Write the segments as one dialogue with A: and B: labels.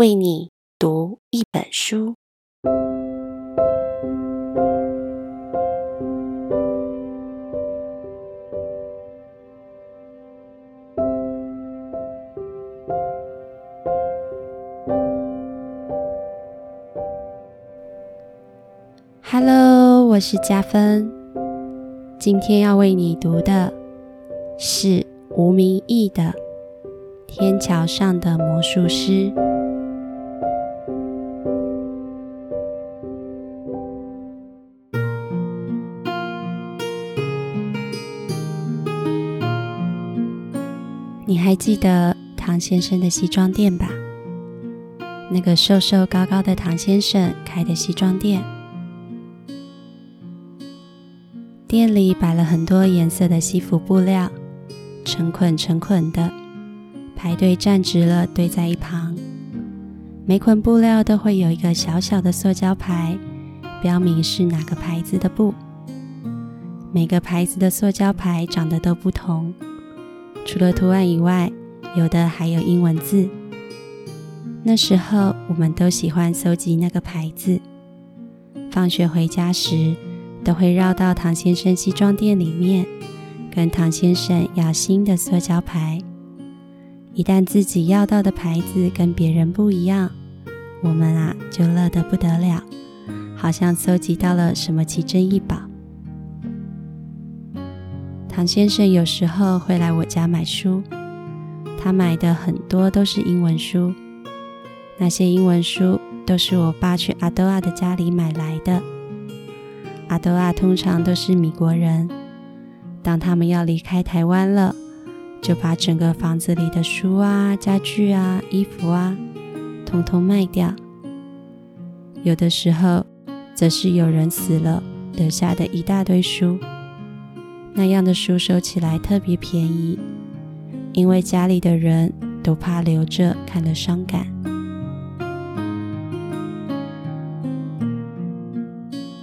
A: 為你讀一本書。Hello，我是家芬，今天要為你讀的是吳明益的《天橋上的魔術師》。記得唐先生的西裝店吧？那個瘦瘦高高的唐先生開的西裝店，店裡擺了很多顏色的西服布料，成捆成捆的，排隊站直了堆在一旁。每捆布料都會有一個小小的塑膠牌，標明是哪個牌子的布。每個牌子的塑膠牌長得都不同。除了圖案以外，有的還有英文字。那時候，我們都喜歡搜集那個牌子。放學回家時，都會繞到唐先生西裝店裡面，跟唐先生要新的塑膠牌。一旦自己要到的牌子跟別人不一樣，我們啊就樂得不得了，好像搜集到了什麼奇珍異寶。唐先生有時候會來我家買書，他買的很多都是英文書。那些英文書都是我爸去阿兜仔的家裡買來的。阿兜仔通常都是美國人，當他們要離開臺灣了，就把整個房子裡的書啊、家具啊、衣服啊，通通賣掉。有的時候，則是有人死了留下的一大堆書。那樣的書收起來特別便宜，因為家裡的人都怕留着看了傷感。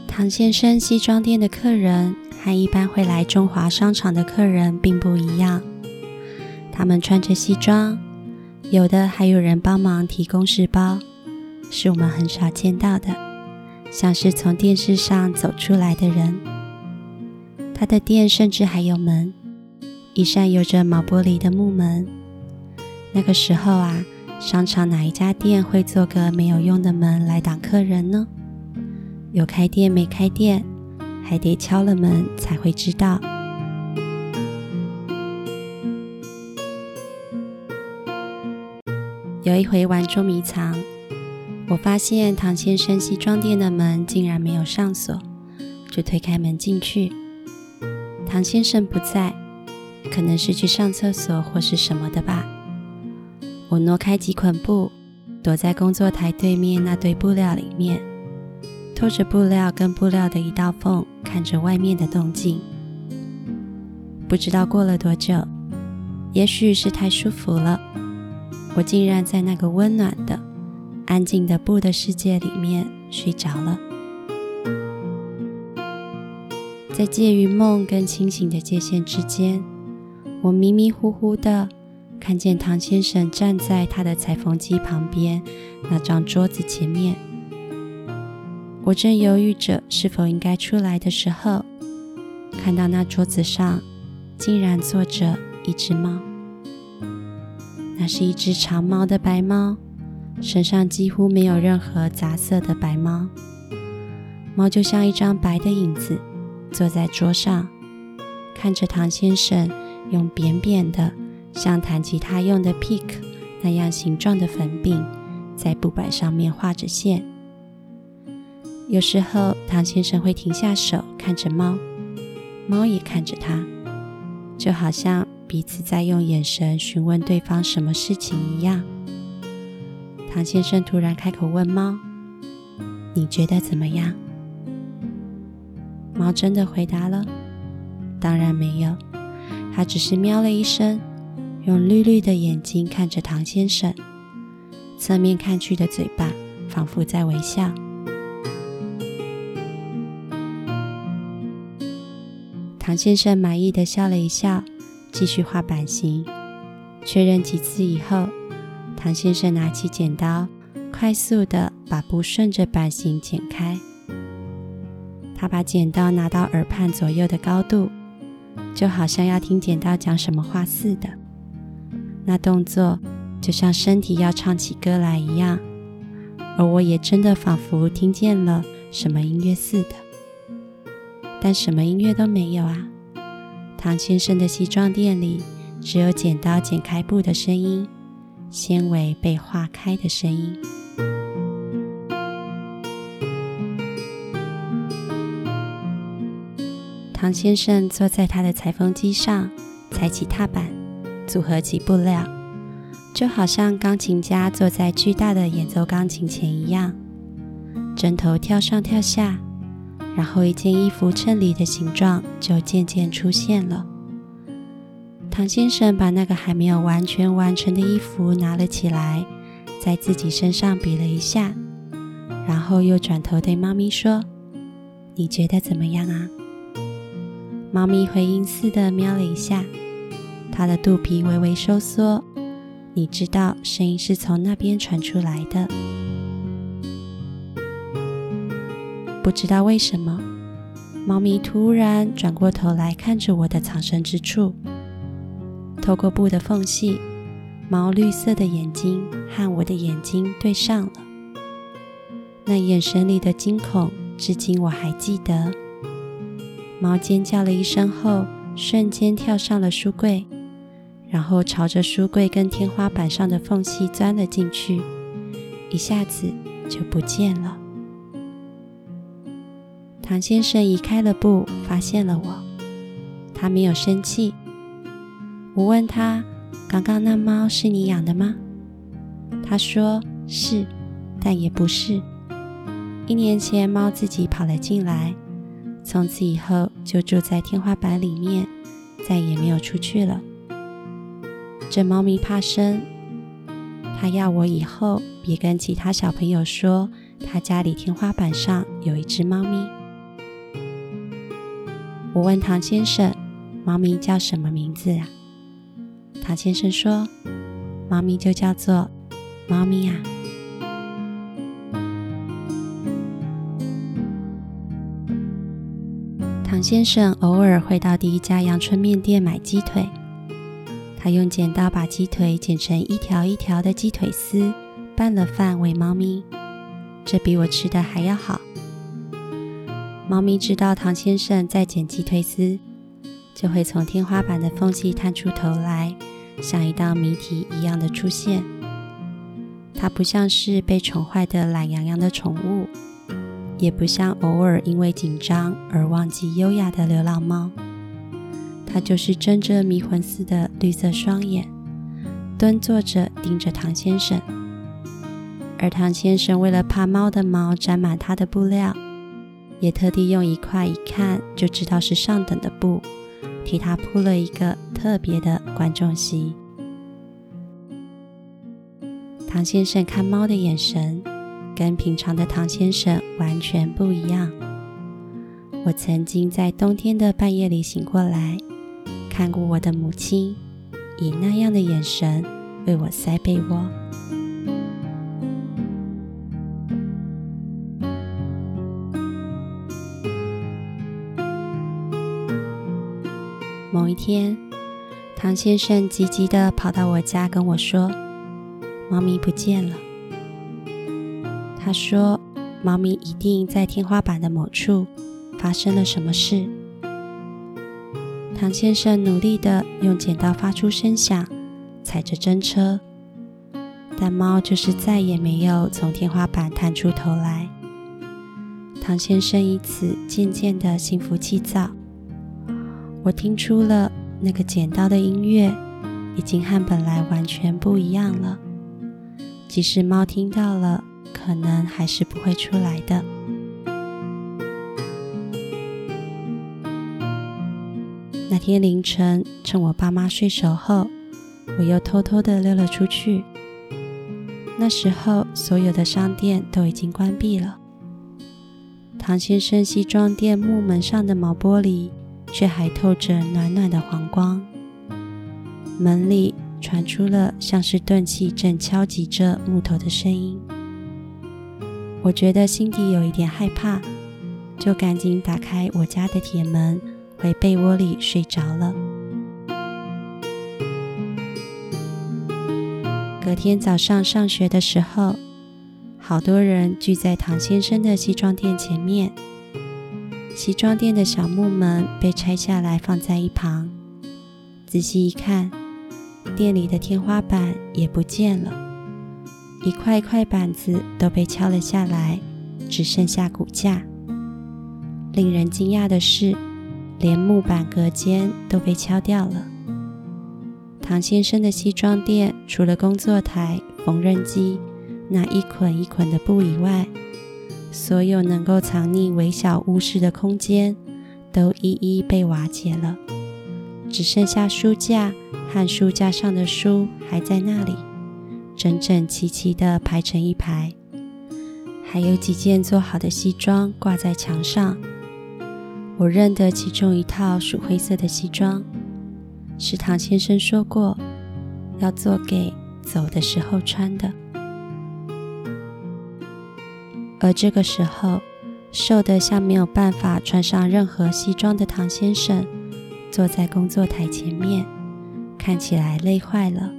A: 唐先生西裝店的客人和一般會來中華商場的客人並不一樣，他們穿着西裝，有的還有人幫忙提公事包，是我們很少見到的，像是從電視上走出來的人。他的店甚至還有門，一扇有着毛玻璃的木門。那個時候啊，商場哪一家店會做個沒有用的門來擋客人呢？有開店沒開店，還得敲了門才會知道。有一回玩捉迷藏，我發現唐先生西裝店的門竟然沒有上鎖，就推開門進去。唐先生不在，可能是去上廁所或是什麼的吧。我挪開幾捆布，躲在工作台對面那堆布料裡面，透着布料跟布料的一道縫，看着外面的動靜。不知道過了多久，也許是太舒服了，我竟然在那個溫暖的、安靜的布的世界裡面睡着了。在介於夢跟清醒的界限之間，我迷迷糊糊的看見唐先生站在他的裁縫機旁邊那張桌子前面。我正猶豫着是否應該出來的時候，看到那桌子上竟然坐着一只貓。那是一只長毛的白貓，身上幾乎沒有任何雜色的白貓。貓就像一張白的影子。坐在桌上，看着唐先生用扁扁的、像彈吉他用的 pick 那樣形狀的粉餅在布板上面畫着線。有時候，唐先生會停下手，看着貓，貓也看着他，就好像彼此在用眼神詢問對方什麼事情一樣。唐先生突然開口問貓：“你覺得怎麼樣？”貓真的回答了？當然沒有，它只是喵了一聲，用綠綠的眼睛看着唐先生，側面看去的嘴巴仿佛在微笑。唐先生滿意的笑了一笑，繼續畫版型，確認幾次以後，唐先生拿起剪刀，快速的把布順着版型剪開。他把剪刀拿到耳畔左右的高度，就好像要聽剪刀講什麼話似的。那動作就像身體要唱起歌來一樣，而我也真的仿佛聽見了什麼音樂似的。但什麼音樂都沒有啊！唐先生的西裝店裡只有剪刀剪開布的聲音，纖維被劃開的聲音。唐先生坐在他的裁縫機上，踩起踏板，組合起布料，就好像鋼琴家坐在巨大的演奏鋼琴前一樣。針頭跳上跳下，然後一件衣服襯裡的形狀就漸漸出現了。唐先生把那個還沒有完全完成的衣服拿了起來，在自己身上比了一下，然後又轉頭對貓咪說：“你覺得怎麼樣啊？”貓咪回應似的喵了一下，它的肚皮微微收縮。你知道聲音是從那邊傳出來的。不知道為什麼，貓咪突然轉過頭來看着我的藏身之處，透過布的縫隙，毛綠色的眼睛和我的眼睛對上了。那眼神裡的驚恐，至今我還記得。貓尖叫了一聲後，瞬間跳上了書櫃，然後朝着書櫃跟天花板上的縫隙鑽了進去，一下子就不見了。唐先生移開了布，發現了我，他沒有生氣。我問他：“剛剛那貓是你養的嗎？”他說：“是，但也不是。一年前貓自己跑了進來。”從此以後就住在天花板裡面，再也沒有出去了。這貓咪怕生，它要我以後別跟其他小朋友說，他家裡天花板上有一隻貓咪。我問唐先生，貓咪叫什麼名字啊？唐先生說，貓咪就叫做貓咪啊。唐先生偶爾會到第一家陽春麵店買雞腿，他用剪刀把雞腿剪成一條一條的雞腿絲，拌了飯餵貓咪。這比我吃的還要好。貓咪知道唐先生在剪雞腿絲，就會從天花板的縫隙探出頭來，像一道謎題一樣的出現。它不像是被寵壞的懶洋洋的寵物。也不像偶爾因為緊張而忘記優雅的流浪貓，它就是睜着迷魂似的綠色雙眼，蹲坐着盯着唐先生。而唐先生為了怕貓的毛沾滿他的布料，也特地用一塊一看就知道是上等的布，替它鋪了一個特別的觀眾席。唐先生看貓的眼神，跟平常的唐先生完全不一樣。我曾經在冬天的半夜裡醒過來，看過我的母親以那樣的眼神為我塞被窩。某一天，唐先生急急的跑到我家跟我說：“貓咪不見了。”他說：“貓咪一定在天花板的某處發生了什麼事。”唐先生努力的用剪刀發出聲響，踩着針車，但貓就是再也沒有從天花板探出頭來。唐先生以此漸漸的心浮氣躁。我聽出了那個剪刀的音樂已經和本來完全不一樣了，即使貓聽到了。可能還是不會出來的。那天凌晨，趁我爸媽睡熟後，我又偷偷的溜了出去。那時候，所有的商店都已經關閉了，唐先生西裝店木門上的毛玻璃卻還透着暖暖的黃光，門裡傳出了像是鈍器正敲擊着木頭的聲音。我覺得心底有一點害怕，就趕緊打開我家的鐵門，回被窩裡睡着了。隔天早上上學的時候，好多人聚在唐先生的西裝店前面，西裝店的小木門被拆下來放在一旁，仔細一看，店裡的天花板也不見了。一塊一塊板子都被敲了下來，只剩下骨架。令人驚訝的是，連木板隔間都被敲掉了。唐先生的西裝店，除了工作台、縫紉機那一捆一捆的布以外，所有能夠藏匿微小物事的空間都一一被瓦解了，只剩下書架和書架上的書還在那裡。整整齊齊地排成一排，還有幾件做好的西裝掛在牆上。我認得其中一套鼠灰色的西裝，是唐先生說過要做給走的時候穿的。而這個時候，瘦得像沒有辦法穿上任何西裝的唐先生，坐在工作台前面，看起來累壞了。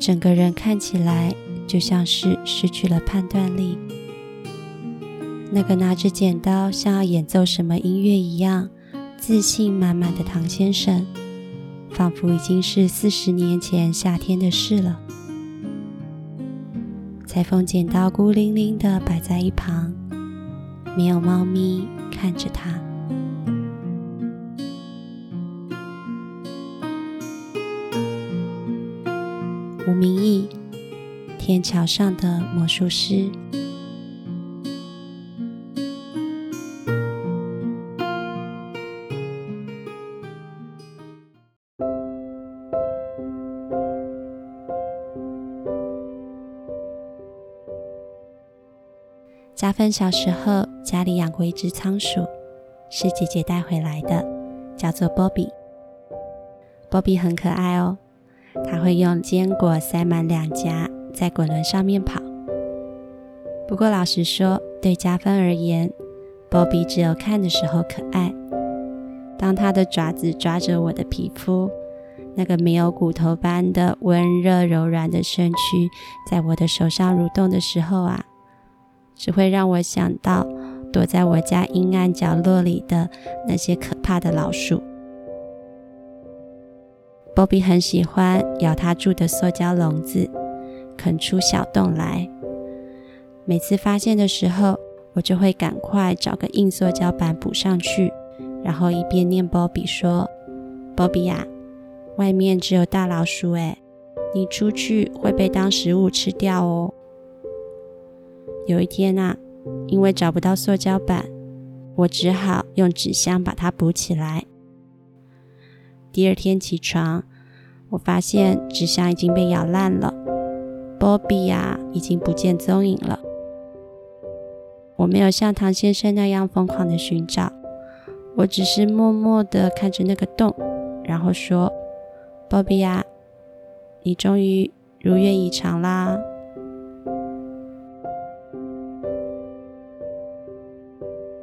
A: 整個人看起來就像是失去了判斷力。那個拿着剪刀，像要演奏什麼音樂一樣自信滿滿的唐先生，仿佛已經是四十年前夏天的事了。裁縫剪刀孤零零地擺在一旁，沒有貓咪看着它。吳明益，《天橋上的魔術師》。家芬小時候家裡養過一隻倉鼠，是姐姐帶回來的，叫做 Bobby。Bobby 很可愛哦。他會用堅果塞滿兩頰，在滾輪上面跑。不過老實說，對家芬而言，波比只有看的時候可愛。當他的爪子抓着我的皮膚，那個沒有骨頭般的溫熱柔軟的身軀在我的手上蠕動的時候啊，只會讓我想到躲在我家陰暗角落裡的那些可怕的老鼠。波比很喜歡咬他住的塑膠籠子，啃出小洞來。每次發現的時候，我就會趕快找個硬塑膠板補上去，然後一邊念波比說，波比啊，外面只有大老鼠誒，你出去會被當食物吃掉哦。有一天啊，因為找不到塑膠板，我只好用紙箱把它補起來。第二天起床，我發現紙箱已經被咬爛了，波比呀已經不見蹤影了。我沒有像唐先生那樣瘋狂地尋找，我只是默默地看着那個洞，然後說：“波比呀，你終於如願以償啦！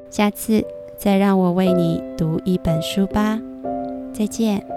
A: 下次再讓我為你讀一本書吧。”再見。